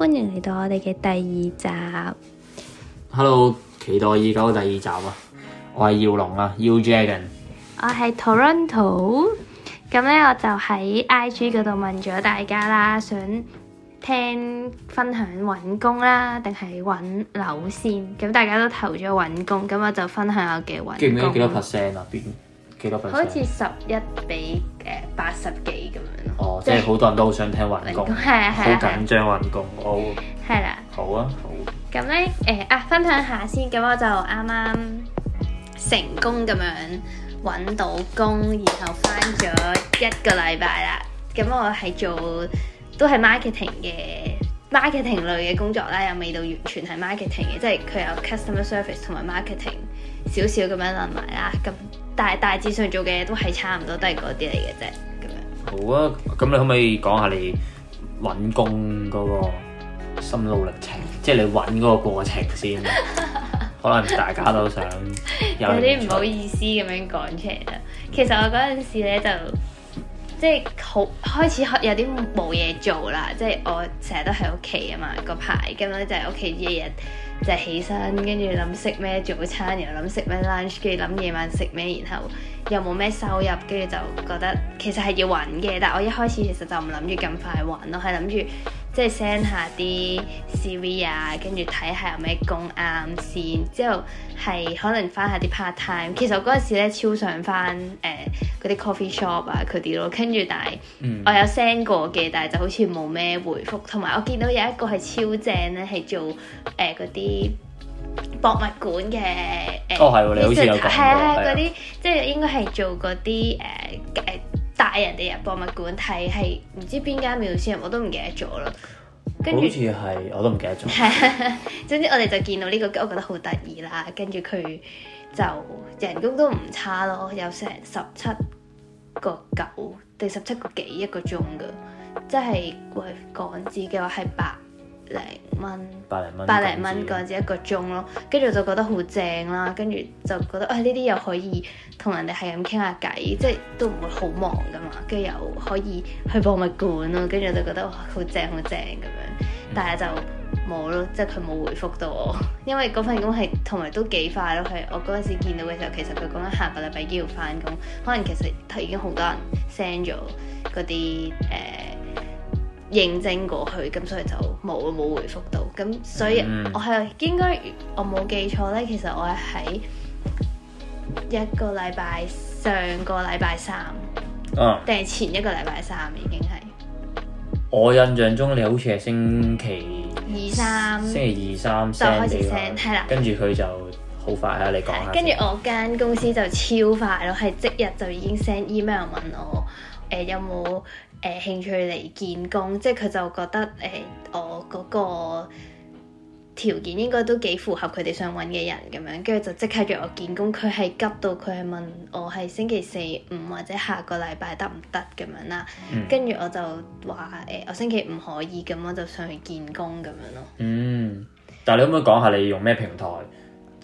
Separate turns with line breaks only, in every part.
歡迎
嚟到我哋嘅第二集。Hello，期待已久第二集啊！我係耀龍啊，U Jackson。
我係 Toronto，咁咧我就喺 IG 嗰度問咗大家啦，想聽分享揾工啦，定係揾樓先？咁大家都投咗揾工，咁我就分享我嘅揾工。記唔記得幾多 percent
啊？變？好似
十一比誒八十幾咁樣咯。
哦，就是、即係好多人都好想聽搵工，好工、啊、緊張搵工。哦，係啦。
好啊，好。咁咧誒啊，分享下先。咁我就啱啱成功咁樣搵到工，然後返咗一個禮拜啦。咁我係做都係 marketing 嘅 marketing 類嘅工作啦，又未到完全係 marketing 嘅，即係佢有 customer service 同埋 marketing 少少咁樣攬埋啦。咁大大致上做嘅嘢都係差唔多，都係嗰啲嚟嘅啫。咁
樣好啊，咁你可唔可以講下你揾工嗰個心路歷程？ 即係你揾嗰個過程先，啊？ 可能大家都想
有啲唔 好意思咁樣講出嚟。 其實我嗰陣時咧就。即係好開始有啲冇嘢做啦，即係我成日都喺屋企啊嘛，嗰排咁樣就喺屋企日日就起身，跟住諗食咩早餐，然後諗食咩 lunch，跟住諗夜晚食咩，然後又冇咩收入，跟住就覺得其實係要還嘅，但係我一開始其實就唔諗住咁快還咯，係諗住。即係 send 下啲 CV 啊，跟住睇下有咩工啱先，之後係可能翻一下啲 part time。其實我嗰陣時咧超想翻誒嗰啲 coffee shop 啊，佢啲咯，跟住但係我有 send 過嘅，但係就好似冇咩回覆。同埋我見到有一個係超正咧，係做誒嗰啲博物館嘅。呃、哦，係，你好似係係係嗰啲，呃嗯、即係應該係做嗰啲誒誒。呃呃帶人哋入博物館睇係唔知邊間廟先，我都唔記得咗啦。跟住好似係我都唔記得咗。 總之我哋就見到呢、呢個我覺得好得意啦。跟住佢就人工都唔差咯，有成十七個九，定十七個幾一個鐘㗎，即係港紙嘅話係八零蚊，百零蚊，百零蚊嗰陣時一個鐘咯，跟住就覺得好正啦，跟住就覺得啊呢啲又可以同人哋係咁傾下偈，即係都唔會好忙㗎嘛，跟住又可以去博物館咯，跟住、嗯、就覺得好正好正咁樣，嗯、棒但係就冇咯，即係佢冇回覆到我，因為嗰份工係同埋都幾快咯，係我嗰陣時見到嘅時候，其實佢講緊下個禮拜已經要翻工，可能其實已經好多人 send 咗嗰啲誒。呃認證過去，咁所以就冇冇回覆到。咁所以我係應該我冇記錯咧，其實我係喺一個禮拜上個禮拜三，定係、啊、前一個禮拜三已經係。
我印象中你好似係星期，三星期二
三，星期二
三就對三開始 send，係對啦跟、啊。跟住佢就好快啊！你講下跟住我
間公司就超快咯，係即日就已經 send email 問我，誒、呃、有冇？誒、啊、興趣嚟見工，即係佢就覺得誒、欸、我嗰個條件應該都幾符合佢哋想搵嘅人咁樣，跟住就即刻約我見工。佢係急到佢係問我係星期四五或者下個禮拜得唔得咁樣啦。跟住我就話誒、欸，我星期五可以。咁我就上去見工咁樣咯。嗯，
但係你可唔可以講下你用咩平台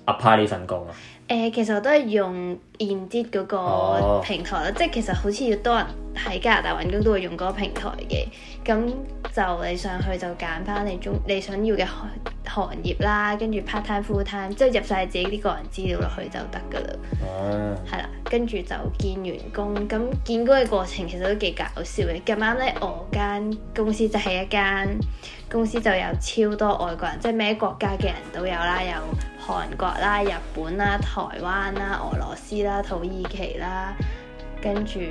apply 呢份工
啊？誒，其實我都係用 Indeed 嗰個平台啦，oh. 即係其實好似要多人喺加拿大揾工都會用嗰個平台嘅。咁就你上去就揀翻你中你想要嘅行業啦，跟住 part time full time，即係入晒自己啲個人資料落去就得噶啦。係啦、oh.，跟住就見員工，咁見工嘅過程其實都幾搞笑嘅。咁啱咧，我間公司就係一間公司就有超多外國人，即係咩國家嘅人都有啦，有。韓國啦、日本啦、台灣啦、俄羅斯啦、土耳其啦，跟住誒、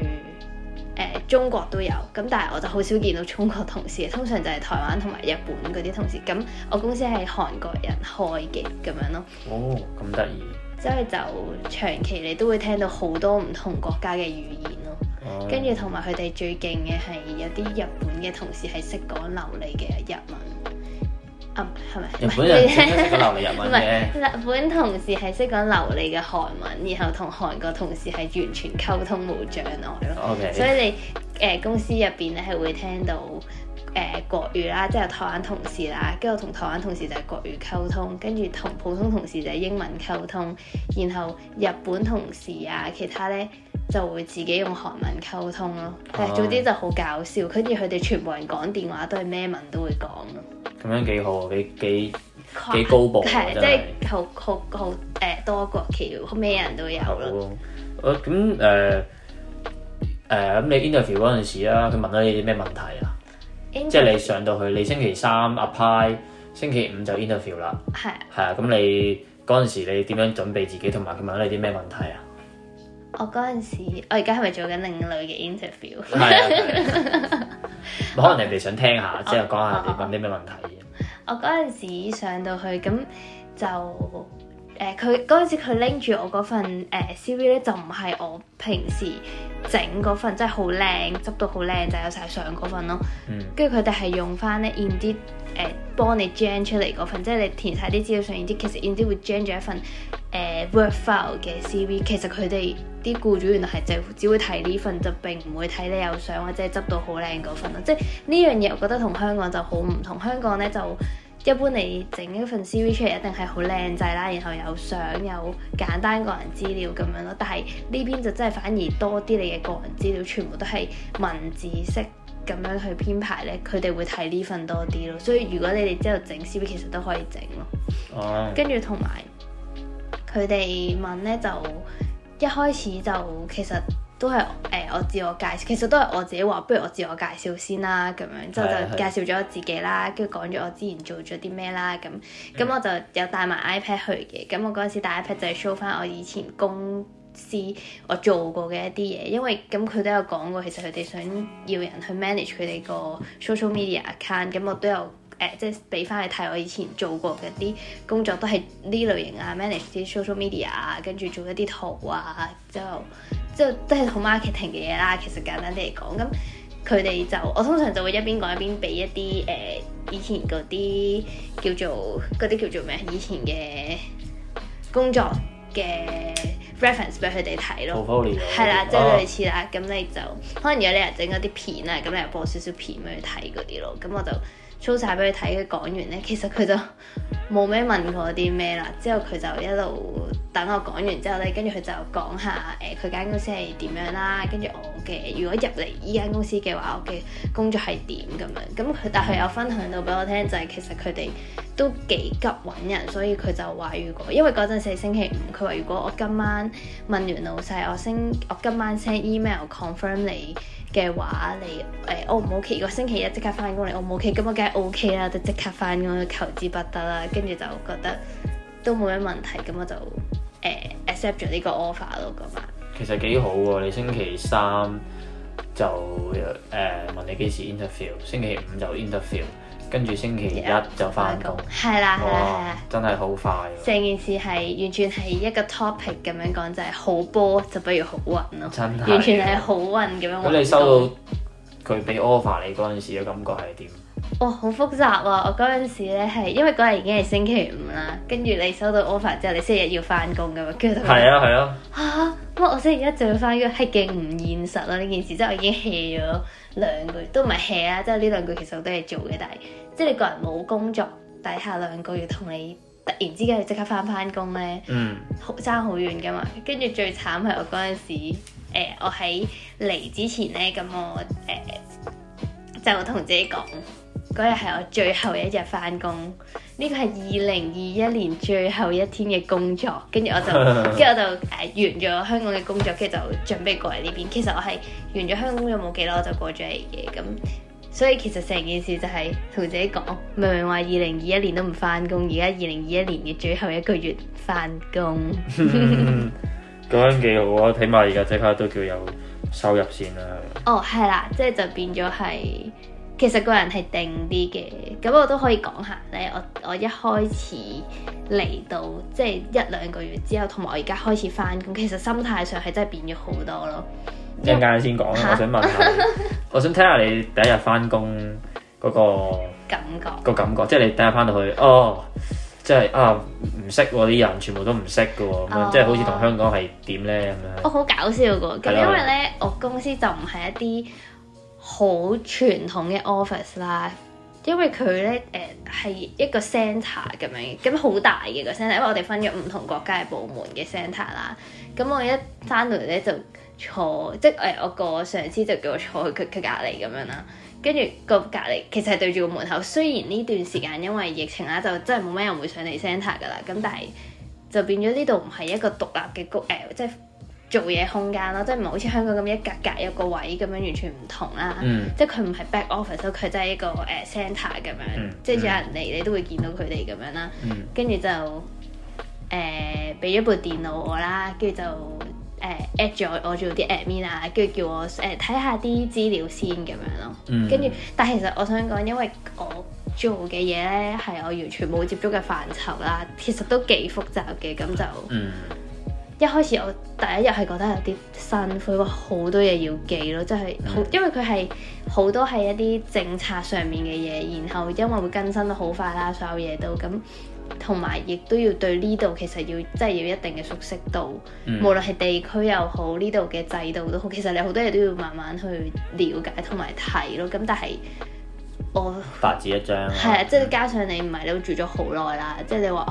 呃、中國都有，咁但係我就好少見到中國同事，通常就係台灣同埋日本嗰啲同事。咁我公司係韓國人開嘅咁樣咯。哦，
咁
得意。即係就，就長期你都會聽到好多唔同國家嘅語言咯。哦。跟住同埋佢哋最勁嘅係有啲日本嘅同事係識講流利嘅日文。啊，係咪、嗯？日本人係識講流利日文唔嘅。是 是日本同事係識講流利嘅韓文， 然後同韓國同事係完全溝通冇障礙咯。Okay. 所以你誒、呃、公司入邊咧係會聽到誒、呃、國語啦，即係台灣同事啦，跟住同台灣同事就係國語溝通，跟住同普通同事就係英文溝通，然後日本同事啊，其他咧就會自己用韓文溝通咯。誒，總之就好搞笑，跟住佢哋全部人講電話都係咩文都會講咯。
咁樣幾好，你幾幾高暴，係、啊、的即係好
好好誒、呃、多國橋，咩人都
有咯。咁誒誒，咁你 interview 嗰陣時啊，佢、嗯呃呃嗯、問咗你啲咩問題啊
？Inter view? 即係
你上到去，你星期三 apply，星期五就 interview 啦。係。係啊，咁、 啊、你嗰陣時你點樣準備自己，同埋佢問到你啲咩問題啊？
我嗰陣時，我而家係咪做緊另類嘅 interview？
可能人哋想聽下，即係講下你問啲咩問題。Oh,
oh, oh. 我嗰陣時上到去，咁就誒，佢嗰陣時佢拎住我嗰份誒 C V 咧，呃、CV, 就唔係我平時整嗰份，即係好靚，執到好靚，就是、有晒相嗰份咯。嗯、mm. 呃。跟住佢哋係用翻咧，Indeed 誒幫你 generate 出嚟嗰份，即係你填晒啲資料上，然之其實 Indeed 會 generate 住一份誒、呃、Word file 嘅 C V。其實佢哋。啲僱主原來係淨只會睇呢份，就並唔會睇你有相或者係執到好靚嗰份咯。即係呢樣嘢，我覺得同香港就好唔同。香港呢，就一般你整一份 CV 出嚟，一定係好靚仔啦，然後有相，有簡單個人資料咁樣咯。但係呢邊就真係反而多啲你嘅個人資料，全部都係文字式咁樣去編排呢，佢哋會睇呢份多啲咯。所以如果你哋之後整 CV，其實都可以整咯。哦。
跟住
同埋佢哋問呢就。一開始就其實都係誒、欸、我自我介紹，其實都係我自己話，不如我自我介紹先啦咁樣，之後 就，就介紹咗我自己啦，跟住講咗我之前做咗啲咩啦咁，咁 我就有帶埋 iPad 去嘅，咁我嗰陣時帶 iPad 就係 show 翻我以前公司我做過嘅一啲嘢，因為咁佢都有講過，其實佢哋想要人去 manage 佢哋個 social media account，咁我都有。即係俾翻佢睇，我以前做過嘅啲工作都係呢類型啊，manage 啲 social media 啊，跟住做一啲圖啊，之後之後都係好 marketing 嘅嘢啦。其實簡單啲嚟講，咁佢哋就我通常就會一邊講一邊俾一啲誒以前嗰啲叫做啲叫做咩，以前嘅工作嘅 reference 俾佢哋睇咯。係 啦，即係 類似啦。咁你就可能有你日整一啲片啊，咁你又你播少少片俾佢睇嗰啲咯。咁我就。show 晒俾佢睇，佢講完咧，其實佢就冇咩問過啲咩啦。之後佢就一路等我講完之後咧，跟住佢就講下誒佢間公司係點樣啦、啊。跟住我嘅，如果入嚟依間公司嘅話，我嘅工作係點咁樣。咁佢但係有分享到俾我聽，就係、是、其實佢哋都幾急揾人，所以佢就話如果因為嗰陣時係星期五，佢話如果我今晚問完老細，我星我今晚 send email confirm 你。嘅話，你誒 O 唔 OK？如果星期一即刻翻工，嚟，O 唔 OK？咁我梗係 OK 啦，就即刻翻工，求之不得啦。跟住就覺得都冇咩問題，咁我就誒、欸、accept 咗呢個 offer 咯。嗰、那、晚、個、
其實幾好喎，你星期三就誒、欸、問你幾時 interview，星期五就 interview。跟住星期一就返工，係啦係啦係啦，哇啦真係好快、啊。
成件事係完全係一個 topic 咁樣講，就係、是、好波就不如好運咯、啊，
真係完全係
好運咁樣運。咁你收到
佢俾 offer 你嗰陣時嘅感覺係點？
哇，好複雜喎、啊！我嗰陣時咧係因為嗰日已經係星期五啦，跟住你收到 offer 之後，你星期日要翻工噶嘛？著跟住係啊係啊
嚇！
我星期一就要翻工係勁唔現實啦！呢件事真係我已經 hea 咗兩個月，都唔係 hea 啊！即係呢兩個月其實我都係做嘅，但係即係你個人冇工作底下兩個月，同你突然之間要即刻翻返工咧，爭好、嗯、遠噶嘛！跟住最慘係我嗰陣時，呃、我喺嚟之前咧，咁我誒、呃、就同自己講。嗰日係我最後一日翻工，呢、這個係二零二一年最後一天嘅工作，跟住我就，跟住 我就誒、呃、完咗香港嘅工作，跟住就準備過嚟呢邊。其實我係完咗香港工作冇幾耐，我就過咗嚟嘅。咁所以其實成件事就係同自己講、哦，明明話二零二一年都唔翻工，而家二零二一年嘅最後一個月翻工，
咁、 嗯、樣幾好啊！起碼而家即刻都叫有收入先
啦。哦，係啦，即係就變咗係。其實個人係定啲嘅，咁我都可以講下咧。我我一開始嚟到，即、就、係、是、一兩個月之後，同埋我而家開始翻，工，其實心態上係真係變咗好多咯。一
陣間先講、啊、我想問,問下， 我想睇下你第一日翻工嗰個
感覺，
個感覺，即係你第一日翻到去，哦，即係啊，唔識啲人，全部都唔識嘅喎，咁、哦、樣，即係好似同香港係點咧咁樣呢。
我好搞笑嘅，咁因為咧，我公司就唔係一啲。好傳統嘅 office 啦，因為佢咧誒係一個 centre 咁樣咁好、嗯、大嘅、個 centre，因為我哋分咗唔同國家嘅部門嘅 centre 啦。咁我一返嚟咧就坐，即係、呃、我個上司就叫我坐佢佢隔離咁樣啦。跟住個隔離其實係對住個門口。雖然呢段時間因為疫情啦，就真係冇咩人會上嚟 centre 噶啦。咁但係就變咗呢度唔係一個獨立嘅局。誒、呃，即係。做嘢空間咯，即係唔係好似香港咁一格格一個位咁樣，完全唔同啦。嗯、即係佢唔係 back office 佢就係一個誒、uh, centre 咁樣，嗯、即係有人嚟你都會見到佢哋咁樣啦。跟住、嗯、就誒俾咗部電腦我啦，跟住就誒 add 咗我做啲 admin 啊，跟住叫我誒睇下啲資料先咁樣咯。跟住、嗯，但係其實我想講，因為我做嘅嘢咧係我完全冇接觸嘅範疇啦，其實都幾複雜嘅，咁就。嗯一開始我第一日係覺得有啲辛苦，好多嘢要記咯，即係好，因為佢係好多係一啲政策上面嘅嘢，然後因為會更新得好快啦，所有嘢都咁，同埋亦都要對呢度其實要即係要一定嘅熟悉度，嗯、無論係地區又好，呢度嘅制度都好，其實你好多嘢都要慢慢去了解同埋睇咯，咁但係我
白紙一張，係啊，
即係加上你唔係你都住咗好耐啦，即係你話。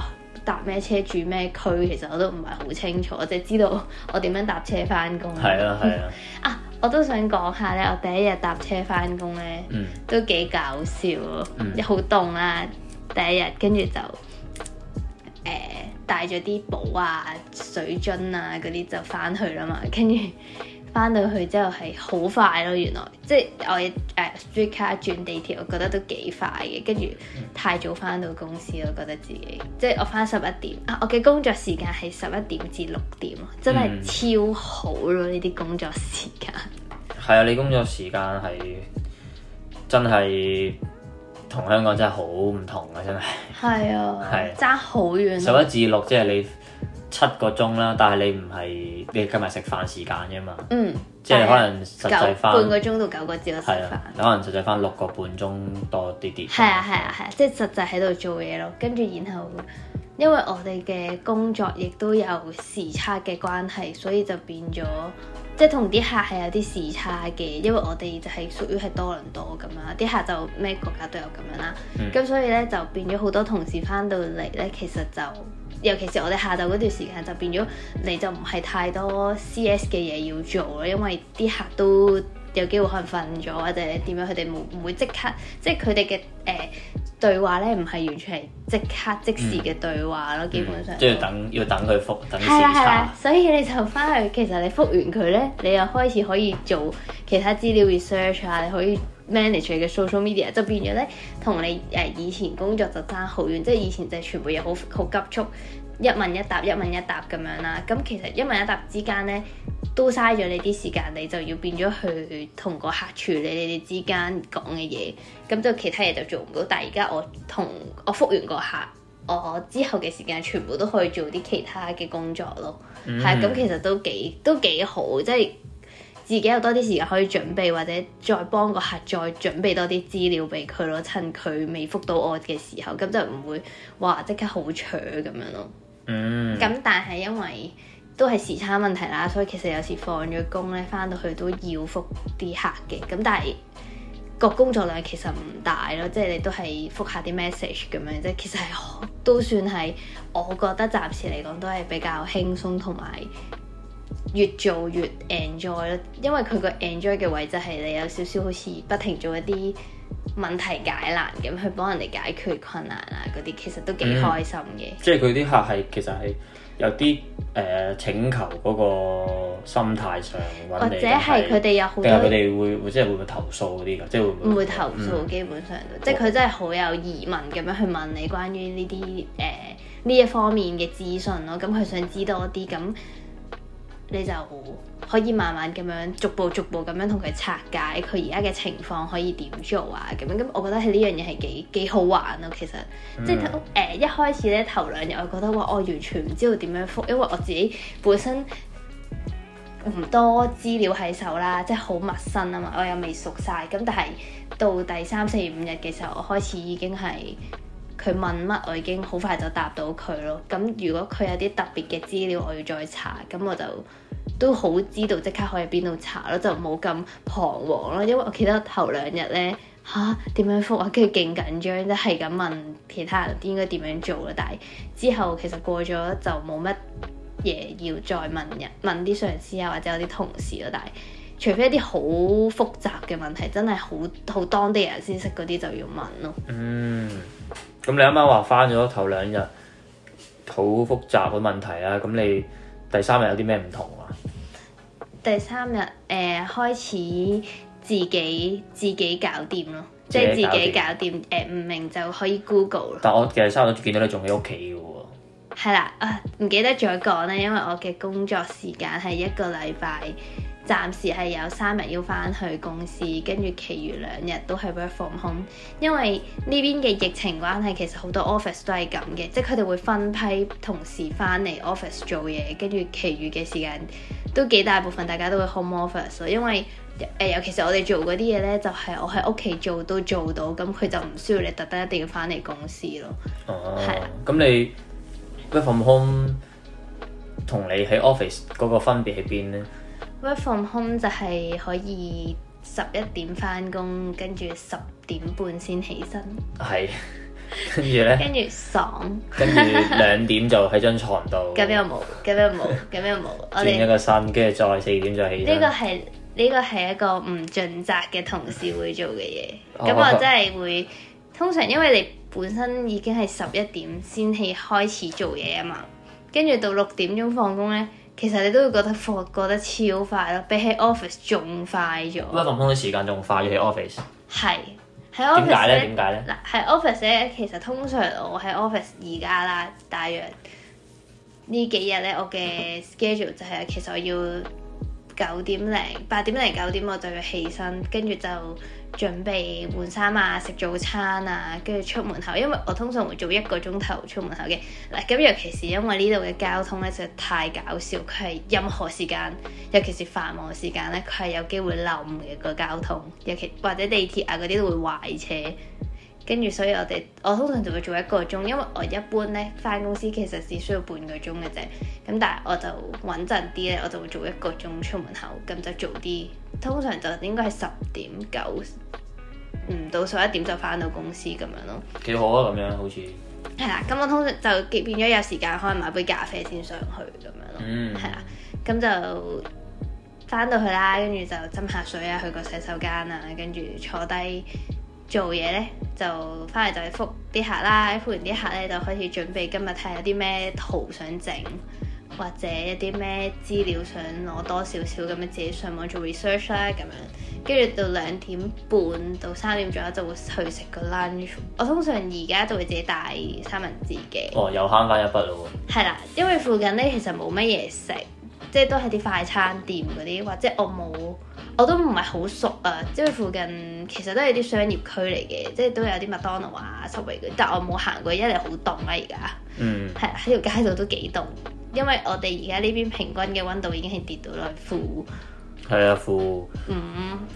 搭咩車住咩區，其實我都唔係好清楚，我只知道我點樣搭車翻工。係啊，係啦、啊嗯。啊，我都想講下咧，我第一日搭車翻工咧，都幾搞笑咯，嗯、好凍啦、啊！第一日跟住就誒、呃、帶咗啲煲啊、水樽啊嗰啲就翻去啦嘛，跟住。翻到去之後係好快咯，原來即係我誒 Streetcar、呃、轉地鐵，我覺得都幾快嘅。跟住太早翻到公司咯，覺得自己即係我翻十一點啊！我嘅工作時間係十一點至六點，真係超好咯！呢啲、嗯、工作時間
係啊，你工作時間係真係同香港真係好唔同啊！真係係啊，
係爭好遠十一
至六，即係你。七個鐘啦，但係你唔係你今日食飯時間啫嘛。嗯。
即係可能實際翻、啊、半個鐘到九個字咯。係、
啊、可能實際翻六個半鐘多啲啲。
係啊係啊係啊，啊，即係實際喺度做嘢咯。跟住然後，因為我哋嘅工作亦都有時差嘅關係，所以就變咗，即係同啲客係有啲時差嘅。因為我哋就係屬於係多倫多咁樣，啲客就咩國家都有咁樣啦。嗯。咁所以咧就變咗好多同事翻到嚟咧，其實就。尤其是我哋下晝嗰段時間就變咗，你就唔係太多 CS 嘅嘢要做啦，因為啲客都有機會可能瞓咗或者點樣，佢哋冇唔會即刻，即係佢哋嘅誒對話咧，唔係完全係即刻即時嘅對話咯，嗯嗯、基本上。即係
等要等佢覆都等，等，
等時差。所以你就返去，其實你覆完佢咧，你又開始可以做其他資料 research 啊，你可以。Manage 你嘅 social media，就係變咗咧，同你誒、呃、以前工作就爭好遠，即係以前就係全部嘢好好急促，一問一答一問一答咁樣啦。咁其實一問一答之間咧，都嘥咗你啲時間，你就要變咗去同個客處理你哋之間講嘅嘢。咁就其他嘢就做唔到。但係而家我同我覆完個客，我之後嘅時間全部都可以做啲其他嘅工作咯。係啊、mm，咁、hmm。其實都幾都幾好，即係。自己有多啲時間可以準備，或者再幫個客再準備多啲資料俾佢咯，趁佢未覆到我嘅時候，咁就唔會話即刻好蠢咁樣咯。嗯。咁但係因為都係時差問題啦，所以其實有時放咗工咧，返到去都要覆啲客嘅。咁但係個工作量其實唔大咯，即係你都係覆下啲 message 咁樣啫。其實係、哦、都算係，我覺得暫時嚟講都係比較輕鬆同埋。越做越 enjoy 咯，因為佢個 enjoy 嘅位置就係你有少少好似不停做一啲問題解難咁，去幫人哋解決困難啊嗰啲，其實都幾開心嘅、嗯。即
係佢啲客係其實係有啲誒、呃、請求嗰個心態上，或者係
佢哋有好多，定係佢哋
會會即係會唔會投訴嗰啲噶？即係會唔會,會、嗯、投訴？基
本上都，好即係佢真係好有疑問咁樣去問你關於呢啲誒呢一方面嘅資訊咯。咁、嗯、佢、嗯嗯、想知多啲咁。你就可以慢慢咁樣逐步逐步咁樣同佢拆解佢而家嘅情況可以點做啊？咁樣咁，我覺得係呢樣嘢係幾幾好玩咯。其實、mm hmm. 即係誒、呃，一開始咧頭兩日我覺得哇，我完全唔知道點樣覆因為我自己本身唔多資料喺手啦，即係好陌生啊嘛，我又未熟晒。咁但係到第三、四、五日嘅時候，我開始已經係佢問乜，我已經好快就答到佢咯。咁如果佢有啲特別嘅資料，我要再查，咁我就。都好知道即刻可以邊度查咯，就冇咁彷徨咯。因為我記得頭兩日咧吓，點樣覆啊，跟住勁緊張，即係咁問其他人啲應該點樣做啦。但係之後其實過咗就冇乜嘢要再問人，問啲上司啊，或者有啲同事咯。但係除非一啲好複雜嘅問題，真係好好當地人先識嗰啲就要問咯。嗯，
咁你啱啱話翻咗頭兩日好複雜嘅問題啊，咁你第三日有啲咩唔同啊？
第三日，誒、呃、開始自己自己搞掂咯，即係自己搞掂誒，唔、呃、明就可以 Google 咯。
但我第三日見到你仲喺屋企嘅喎，
係啦啊，唔記得咗講咧，因為我嘅工作時間係一個禮拜。暫時係有三日要翻去公司，跟住其餘兩日都係 work from home。因為呢邊嘅疫情關係，其實好多 office 都係咁嘅，即係佢哋會分批同時翻嚟 office 做嘢，跟住其餘嘅時間都幾大部分大家都會 home office 咯。因為誒、呃，尤其是我哋做嗰啲嘢咧，就係、是、我喺屋企做都做到，咁佢就唔需要你特登一定要翻嚟公司咯。哦、啊，係
啦。咁你 work from home 同你喺 office 嗰個分別喺邊咧？
不放空就係可以十一點翻工，跟住十點半先起身。係 呢，
跟住咧？跟
住爽。跟住兩
點就喺張床度。
咁又冇，咁又冇，咁又冇。轉一個
身，跟住再四點再起身。呢個
係，呢個係一個唔盡責嘅同事會做嘅嘢。咁 我真係會，通常因為你本身已經係十一點先起開始做嘢啊嘛，跟住 到六點鐘放工咧。其實你都會覺得過過得超快咯，比起 office 仲快咗。乜放
工啲時間仲快於喺 office？係喺 office。點解咧？
點解咧？
嗱，
喺 office 咧，其實通常我喺 office 而家啦，大約呢幾日咧，我嘅 schedule 就係，其實我要九點零八點零九點我就要起身，跟住就。準備換衫啊，食早餐啊，跟住出門口。因為我通常會早一個鐘頭出門口嘅。嗱，咁尤其是因為呢度嘅交通咧，實在太搞笑。佢係任何時間，尤其係繁忙時間咧，佢係有機會冧嘅嗰個交通。尤其或者地鐵啊嗰啲都會壞車。跟住，所以我哋我通常就會做一個鐘，因為我一般咧翻公司其實只需要半個鐘嘅啫。咁但係我就穩陣啲咧，我就會做一個鐘出門口，咁就做啲通常就應該係十點九，唔到十一點就翻到公司咁樣咯。
幾好啊！咁樣好
似係啦。咁、嗯、我通常就變咗有時間，可能買杯咖啡先上去咁樣咯。嗯，係啦。咁就翻到去啦，跟住就斟下水啊，去個洗手間啊，跟住坐低。做嘢呢，就翻嚟就去覆啲客啦，覆完啲客呢，就開始準備今日睇下有啲咩圖想整，或者一啲咩資料想攞多少少咁樣自己上網做 research 啦咁樣，跟住到兩點半到三點左右就會去食個 lunch。我通常而家都會自己帶三文治嘅。哦，又
慳翻一筆咯
喎。係啦， 因為附近呢其實冇乜嘢食。即係都係啲快餐店嗰啲，或者我冇，我都唔係好熟啊。即係附近其實都係啲商業區嚟嘅，即係都有啲麥當勞啊，所謂嘅。但係我冇行過，一嚟好凍啊。而家，嗯，係喺條街度都幾凍，因為我哋而家呢邊平均嘅温度已經係跌到嚟負，
負，係啊，負五，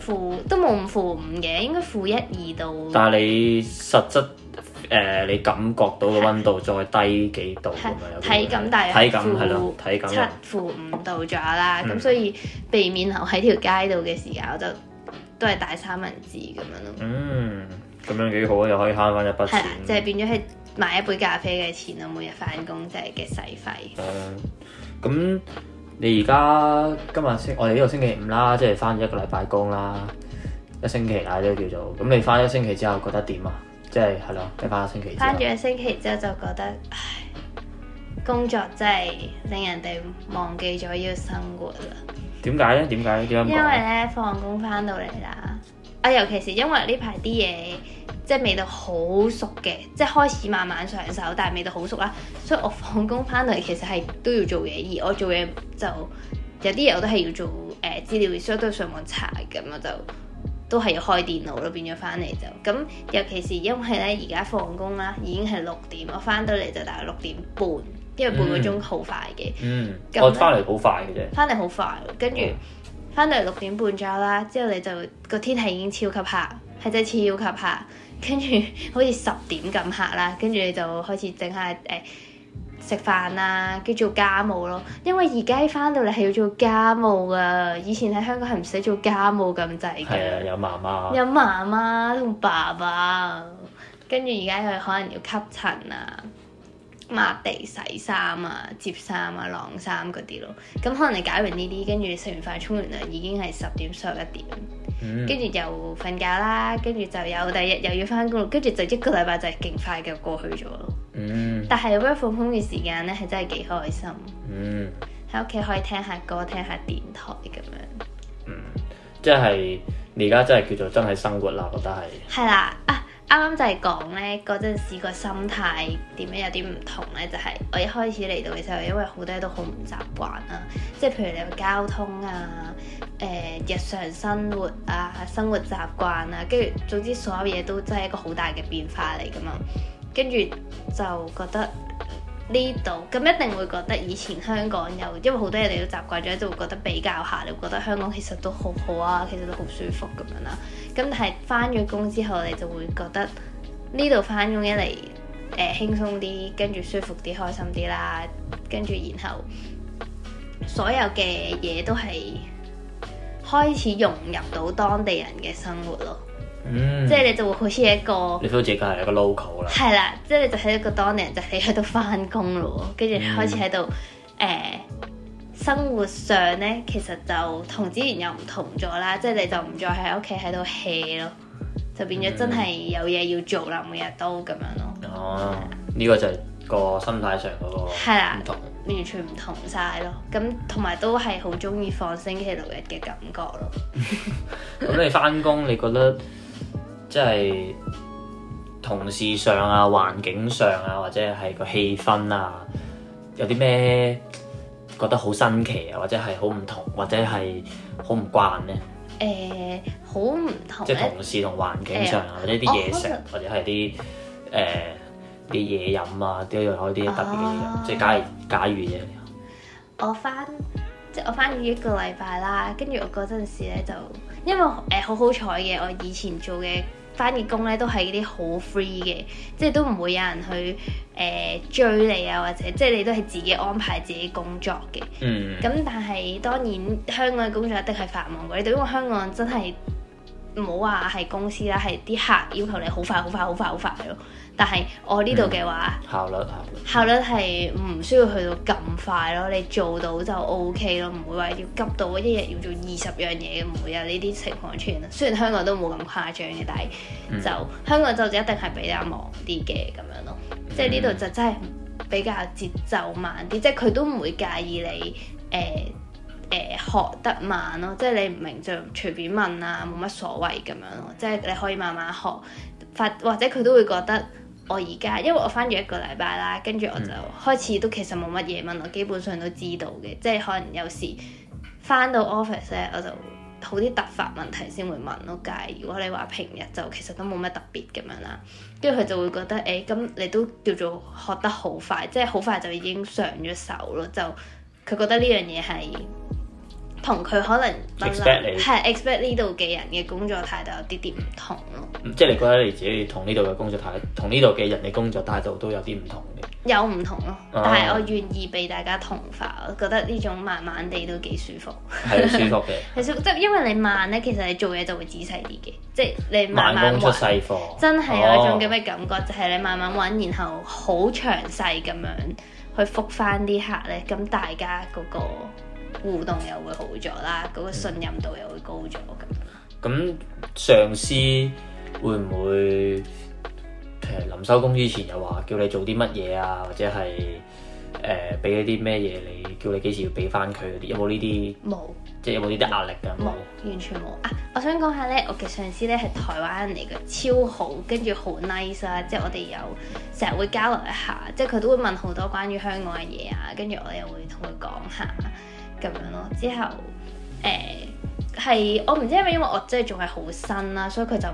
負都冇咁負五嘅，應該負一二度。但
係你實質？誒、呃，你感覺到個温度再低幾度
咁看樣？體感大概感負七負五度左右啦，咁、嗯、所以避免留喺條街度嘅時候，就都係帶三文治咁樣咯。
嗯，咁樣幾好啊！又可以慳翻一筆錢。係啦，即、就、係、是、
變咗係買一杯咖啡嘅錢咯。每日翻工即係嘅使費。誒、呃，
咁你而家今日星，我哋呢個星期五啦，即係翻一個禮拜工啦，一星期啦都叫做。咁你翻一星期之後覺得點啊？即係係咯，一
翻一星期。翻咗一星期之後就覺得，唉，工作真係令人哋忘記咗呢要生活啦。
點解咧？點解？點解？因為
呢，放工翻到嚟啦，啊，尤其是因為呢排啲嘢即係未到好熟嘅，即係開始慢慢上手，但係未到好熟啦，所以我放工翻嚟其實係都要做嘢，而我做嘢就有啲嘢我都係要做，誒、呃、資料 research 都上網查，咁我就。都係要開電腦咯，變咗翻嚟就咁。尤其係因為咧而家放工啦，已經係六點，我翻到嚟就大概六點半，因為半個鐘好快嘅，嗯。
嗯，那我翻嚟好
快嘅啫。翻嚟好快，跟住翻到嚟六點半咗啦，之後你就個天氣已經超級黑，係真係超級黑，跟住好似十點咁黑啦，跟住你就開始整下誒。欸食飯啊，叫做家務咯。因為而家翻到嚟係要做家務噶，以前喺香港係唔使做家務咁滯嘅。係
啊，有媽媽，有
媽媽同爸爸，跟住而家佢可能要吸塵啊，抹地、洗衫啊、折衫啊、晾衫嗰啲咯，咁可能你搞完呢啲，跟住食完飯、沖完涼，已經係十點,點、十一點，
跟
住又瞓覺啦，跟住就有第二日又要翻工，跟住就一個禮拜就係勁快嘅過去咗咯。嗯、但係有 o 放 k 嘅時間咧，係真係幾開心。嗯，喺屋企可以聽下歌、聽下電台咁樣。嗯，
即、就、係、是、你而家真係叫做真係生活啦，我覺得係。
係啦。啱啱就係講呢，嗰陣時個心態點樣有啲唔同呢？就係我一開始嚟到嘅時候，因為好多嘢都好唔習慣啊，即係譬如你有交通啊、誒、呃、日常生活啊、生活習慣啊，跟住總之所有嘢都真係一個好大嘅變化嚟噶嘛，跟住就覺得。呢度咁一定會覺得以前香港有，因為好多嘢你都習慣咗，就會覺得比較下，你會覺得香港其實都好好啊，其實都好舒服咁樣啦。咁但係翻咗工之後，你就會覺得呢度翻工一嚟誒、呃、輕鬆啲，跟住舒服啲，開心啲啦，跟住然後所有嘅嘢都係開始融入到當地人嘅生活咯。
嗯、即係你
就會好似一個，你
都自己係一個 local 啦，係
啦，即係你就喺一個當地，人就喺喺度翻工咯，跟住開始喺度誒生活上咧，其實就同之前又唔同咗啦，即係你就唔再喺屋企喺度 hea 咯，就變咗真係有嘢要做啦，每日都咁樣咯。
哦、呢、啊、個就係個心態上嗰個
係啦、嗯啊這個嗯，完全唔同晒咯。咁同埋都係好中意放星期六日嘅感覺咯。
咁 你翻工你覺得？即係同事上啊、環境上啊，或者係個氣氛啊，有啲咩覺得好新奇啊，或者係好唔同，或者係好唔慣咧？
誒、欸，好唔同。即係同
事同環境上啊，欸、或者啲嘢食，或者係啲誒啲嘢飲啊，都有開啲特別嘅嘢飲，啊。即係假如假如啫，
我翻即係我翻咗一個禮拜啦，跟住我嗰陣時咧就因為誒好好彩嘅，我以前做嘅。翻嘅工咧都係啲好 free 嘅，即係都唔會有人去誒、呃、追你啊，或者即係你都係自己安排自己工作嘅。嗯，咁但係當然香港嘅工作一定係繁忙嘅。你對於我香港真係。唔好話係公司啦，係啲客要求你好快好快好快好快咯。但係我呢度嘅話，效率效率效率係唔需要去到咁快咯。你做到就 OK 咯，唔會話要急到一日要做二十樣嘢，唔會有呢啲情況出現。雖然香港都冇咁誇張嘅，但係就、嗯、香港就一定係比較忙啲嘅咁樣咯。嗯、即係呢度就真係比較節奏慢啲，即係佢都唔會介意你誒。呃誒、欸、學得慢咯，即係你唔明就隨便問啊，冇乜所謂咁樣咯。即係你可以慢慢學，或或者佢都會覺得我而家，因為我返咗一個禮拜啦，跟住我就開始都其實冇乜嘢問，我基本上都知道嘅。即係可能有時返到 office 咧，我就好啲突發問題先會問咯。但係如果你話平日就其實都冇乜特別咁樣啦。跟住佢就會覺得誒，咁、欸、你都叫做學得好快，即係好快就已經上咗手咯。就佢覺得呢樣嘢係。同佢可能係 expect 呢度嘅人嘅工作態度有啲啲唔同咯，
即係你覺得你自己同呢度嘅工作態度，同呢度嘅人，嘅工作態度都有啲唔同
嘅，有唔同咯。哦、但係我願意俾大家同化，我覺得呢種慢慢地都幾舒服，係舒服嘅。其實即係因為你慢咧，其實你做嘢就會仔細啲嘅，即係你慢慢出細貨，玩哦、真係有一種咁嘅感覺，就係、是、你慢慢揾，然後好詳細咁樣去覆翻啲客咧，咁大家嗰個。互動又會好咗啦，嗰個信任度又會高咗咁。
咁、嗯、上司會唔會誒臨、呃、收工之前又話叫你做啲乜嘢啊？或者係誒俾一啲咩嘢你？叫你幾時要俾翻佢啲？有冇呢啲？冇有，即係有冇呢啲壓力㗎、啊？冇
有，有完全冇啊！我想講下咧，我嘅上司咧係台灣人嚟嘅，超好，跟住好 nice 啊！即係我哋有成日會交流一下，即係佢都會問好多關於香港嘅嘢啊，跟住我哋又會同佢講下。咁樣咯，之後誒係、呃、我唔知係咪因為我真係仲係好新啦，所以佢就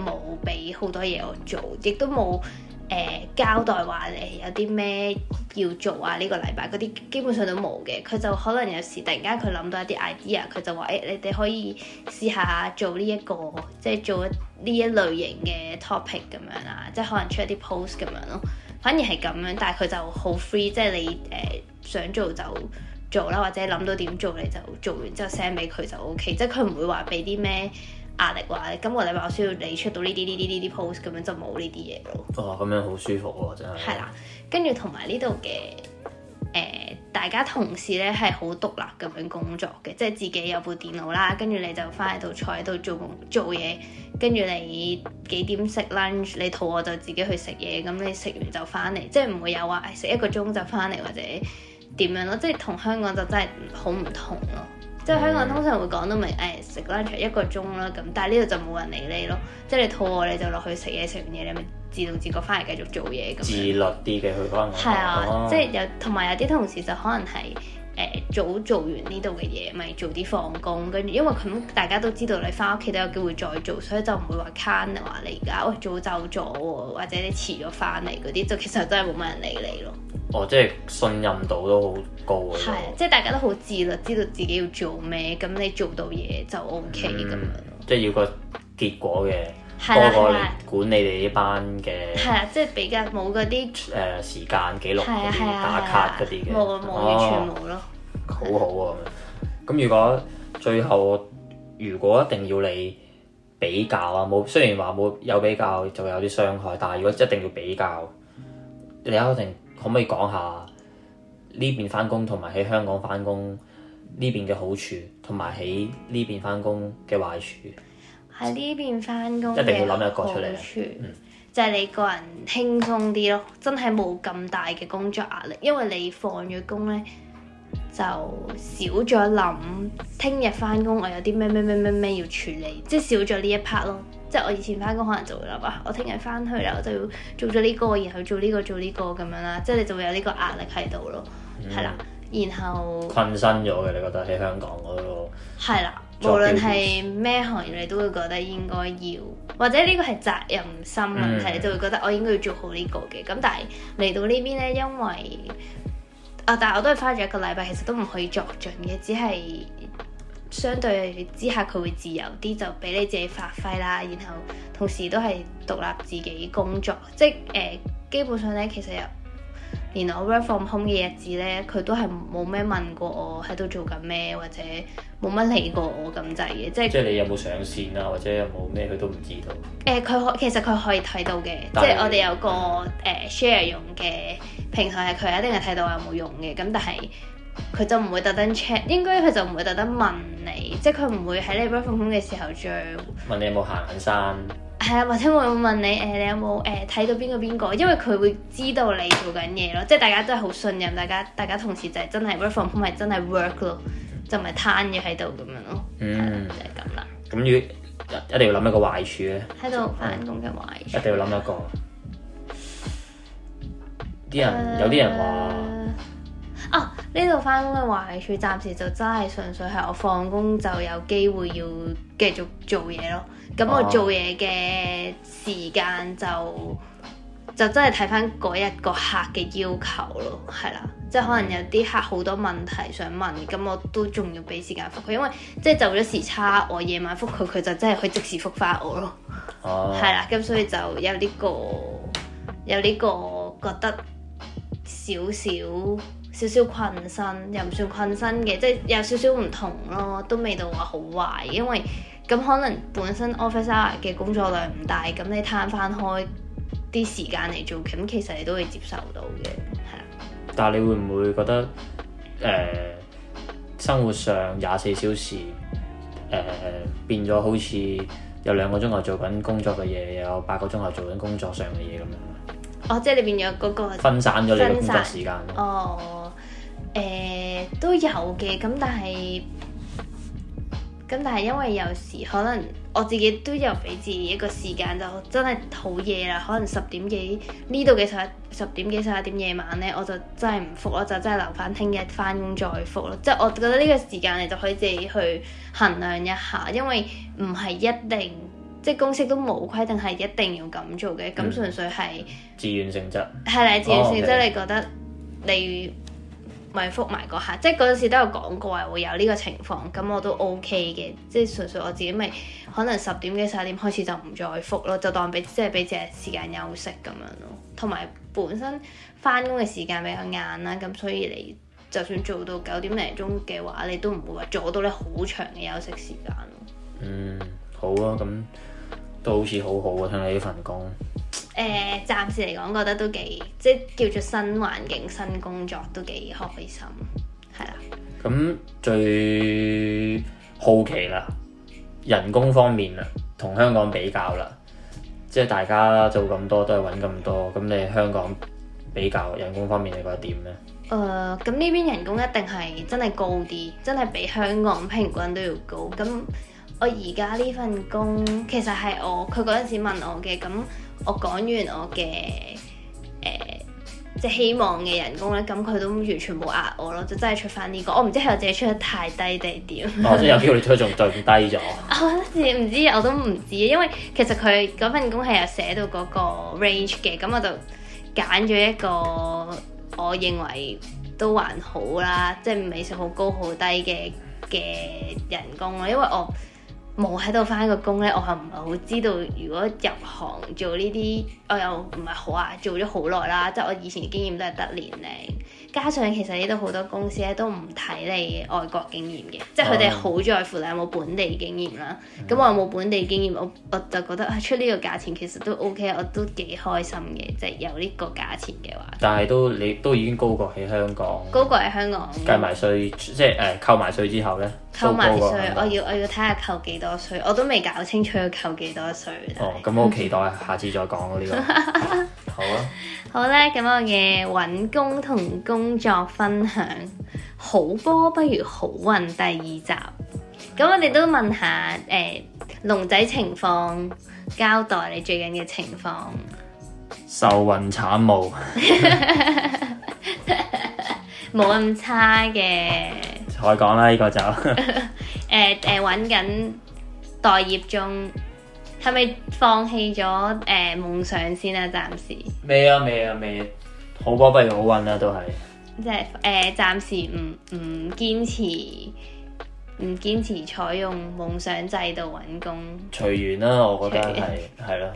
冇俾好多嘢我做，亦都冇誒、呃、交代話你有啲咩要做啊呢、這個禮拜嗰啲基本上都冇嘅。佢就可能有時突然間佢諗到一啲 idea，佢就話誒、欸、你哋可以試下做呢、這、一個即係、就是、做呢一類型嘅 topic 咁樣啦，即、就、係、是、可能出一啲 post 咁樣咯。反而係咁樣，但係佢就好 free，即係你誒、呃、想做就。做啦，或者諗到點做你就做完之後 send 俾佢就 OK，即係佢唔會話俾啲咩壓力話今個禮拜我需要你出到呢啲呢啲呢啲 post 咁樣就冇呢啲嘢
咯。哦，咁樣好舒服喎、哦，
真係。係啦，跟住同埋呢度嘅誒，大家同事咧係好獨立咁樣工作嘅，即係自己有部電腦啦，跟住你就翻喺度坐喺度做做嘢，跟住你幾點食 lunch，你肚餓就自己去食嘢，咁你食完就翻嚟，即係唔會有話食、哎、一個鐘就翻嚟或者。點樣咯？即係同香港就真係好唔同咯。即係香港通常會講到明誒食 lunch 一個鐘啦咁，但係呢度就冇人理你咯。即係你肚餓你就落去食嘢，食完嘢你咪自動自覺翻嚟繼續做嘢咁。自律
啲嘅去翻係啊，哦、即係
有同埋有啲同事就可能係誒、欸、早做完呢度嘅嘢，咪做啲放工跟住，因為佢大家都知道你翻屋企都有機會再做，所以就唔會話 can 話你而家喂早走咗喎，或者你遲咗翻嚟嗰啲，就其實真係冇乜人理你咯。
哦，即係信任度都好高嘅、啊，係、啊、
即係大家都好自律，知道自己要做咩，咁你做到嘢就 O K 咁樣，
即係要個結果嘅，多過、啊、管理你哋呢班嘅，
係啊，即係比較冇嗰啲
誒時間記錄、啊啊、打卡嗰啲嘅，冇冇、啊啊、完全冇咯，好、哦啊、好啊。咁。咁如果最後、嗯、如果一定要你比較啊，冇雖然話冇有比較就有啲傷害，但係如果一定要比較，你一定。可唔可以講下呢邊返工同埋喺香港返工呢邊嘅好處，同埋喺呢邊返工嘅壞處？
喺呢邊返工一定要諗一個出嚟嘅好處，嗯，就係你個人輕鬆啲咯，真係冇咁大嘅工作壓力，因為你放咗工咧就少咗諗聽日返工我有啲咩咩咩咩咩要處理，即係少咗呢一 part 咯。即係我以前返工可能就會諗啊，我聽日返去啦，我就要做咗呢、這個，然後做呢、這個做呢、這個咁樣啦。即係你就會有呢個壓力喺度咯，係啦、
嗯。
然後困
身咗嘅，你覺得喺香港嗰度
係啦，的作用 無論係咩行業，你都會覺得應該要，或者呢個係責任心問題，嗯、你就會覺得我應該要做好呢個嘅。咁、嗯、但係嚟到呢邊呢，因為啊，但我都係花咗一個禮拜，其實都唔可以作準嘅，只係。相對之下佢會自由啲，就俾你自己發揮啦。然後同時都係獨立自己工作，即係誒、呃、基本上咧，其實又連我 work from home 嘅日子咧，佢都係冇咩問過我喺度做緊咩，或者冇乜理過我咁滯嘅。即係即係你
有冇上線啊？或者有冇
咩？佢都唔知道。誒、呃，佢可其實佢可以睇到嘅，是即係我哋有個誒、嗯 uh, share 用嘅平台，係佢一定係睇到有冇用嘅。咁但係。佢就唔會特登 check，應該佢就唔會特登問你，即係佢唔會喺你 work from home 嘅時候再
問你有冇行緊山，
係啊，或者會問你誒、呃、你有冇誒睇到邊個邊個，因為佢會知道你做緊嘢咯，即係大家都係好信任，大家大家同事就係真係 work from home 真係 work 咯，就咪攤嘢喺度咁樣咯，嗯，啊、就
係咁啦。咁如果一一定要諗一個壞處咧，
喺度翻
工嘅壞處、嗯，一定要諗一個，啲人有啲人話。
啊！呢度返工嘅壞處，暫時就真係純粹係我放工就有機會要繼續做嘢咯。咁我做嘢嘅時間就、uh huh. 就真係睇返嗰一個客嘅要求咯，係啦。即係可能有啲客好多問題想問，咁我都仲要俾時間覆佢，因為即係就咗時差，我夜晚覆佢，佢就真係可以即時覆返我咯。哦、uh。係、huh. 啦，咁所以就有呢、呢個有呢個覺得。少少少少困身，又唔算困身嘅，即係有少少唔同咯，都未到話好壞，因為咁可能本身 office hour 嘅工作量唔大，咁你攤翻開啲時間嚟做，咁其實你都會接受到嘅，係
啦。但係你會唔會覺得誒、呃，生活上廿四小時誒、呃、變咗好似有兩個鐘頭做緊工作嘅嘢，有八個鐘頭做緊工作上嘅嘢咁樣？
哦，即係裏邊有嗰個分散咗你嘅時間。哦，誒都有嘅，咁但係，咁但係因為有時可能我自己都有俾自己一個時間，就真係好夜啦，可能十點幾呢度嘅十，十點幾，十點幾十一點夜晚呢，我就真係唔覆咯，就真係留翻聽日翻工再覆咯。即係我覺得呢個時間你就可以自己去衡量一下，因為唔係一定。即係公司都冇規定係一定要咁做嘅，咁、嗯、純粹係。
自願性質。係啦的，哦、自願性質，白你
覺得你咪覆埋個客，即係嗰陣時都有講過話會有呢個情況，咁我都 OK 嘅，即係純粹我自己咪可能十點幾、十一點開始就唔再覆咯，就當俾即係俾自己時間休息咁樣咯。同埋本身翻工嘅時間比較晏啦，咁所以你就算做到九點零鐘嘅話，你都唔會話阻到你好長嘅休息時間。嗯，
好啊，咁。都好似好好啊！聽你呢份工，
誒、呃、暫時嚟講覺得都幾，即係叫做新環境、新工作都幾開心，係
啦。咁、嗯、最好奇啦，人工方面啦，同香港比較啦，即係大家做咁多都係揾咁多，咁你香港比較人工方面你覺得點呢？誒、
呃，咁呢邊人工一定係真係高啲，真係比香港平均都要高咁。我而家呢份工其實係我佢嗰陣時問我嘅，咁我講完我嘅誒、呃、即係希望嘅人工咧，咁佢都完全冇呃我咯，就真係出翻呢、呢個。我唔知係我自己出得太低定點、哦？我
知
有機會你出得仲再低咗。 我唔知，我都唔知，因為其實佢嗰份工係有寫到嗰個 range 嘅，咁我就揀咗一個我認為都還好啦，即係未算好高好低嘅嘅人工咯，因為我。冇喺度返個工呢，我係唔係好知道？如果入行做呢啲，我又唔係好啊，做咗好耐啦，即係我以前經驗都係得年齡。加上其實呢度好多公司咧都唔睇你外國經驗嘅，即係佢哋好在乎你有冇本地經驗啦。咁、oh. 我有冇本地經驗？我我就覺得啊，出呢個價錢其實都 O、OK, K，我都幾開心嘅，即、就、係、是、有呢個價錢嘅話。
但係都你都已經高過喺香港，
高過喺香,香港。計埋
稅，即係誒扣埋稅之後咧，扣埋稅，我
要我要睇下扣幾多稅，我都未搞清楚要扣幾多稅。
哦，咁我好期待 下次再講呢、這個。
好啊！好啦，咁我嘅揾工同工作分享好波不如好運第二集，咁我哋都問下誒龍、欸、仔情況，交代你最近嘅情況。
愁雲慘霧，
冇 咁 差嘅。
再講啦，呢、這個就
誒誒揾緊待業中。係咪放棄咗誒、呃、夢想先啊？暫時
未啊，未啊，未好波費嘅好運好波不如好運啦，都係即
係誒、呃，暫時唔唔堅持唔堅持採用夢想制度揾工
隨緣啦，啊。我覺得係係啦，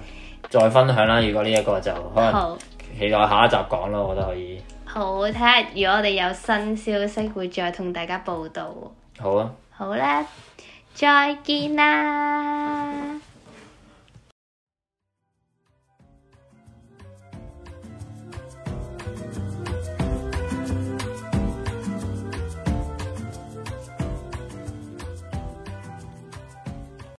再分享啦。如果呢一個就可能期待下一集講啦，我覺得可以
好睇下。看看如果我哋有新消息，會再同大家報道。好啊，好啦，再見啦～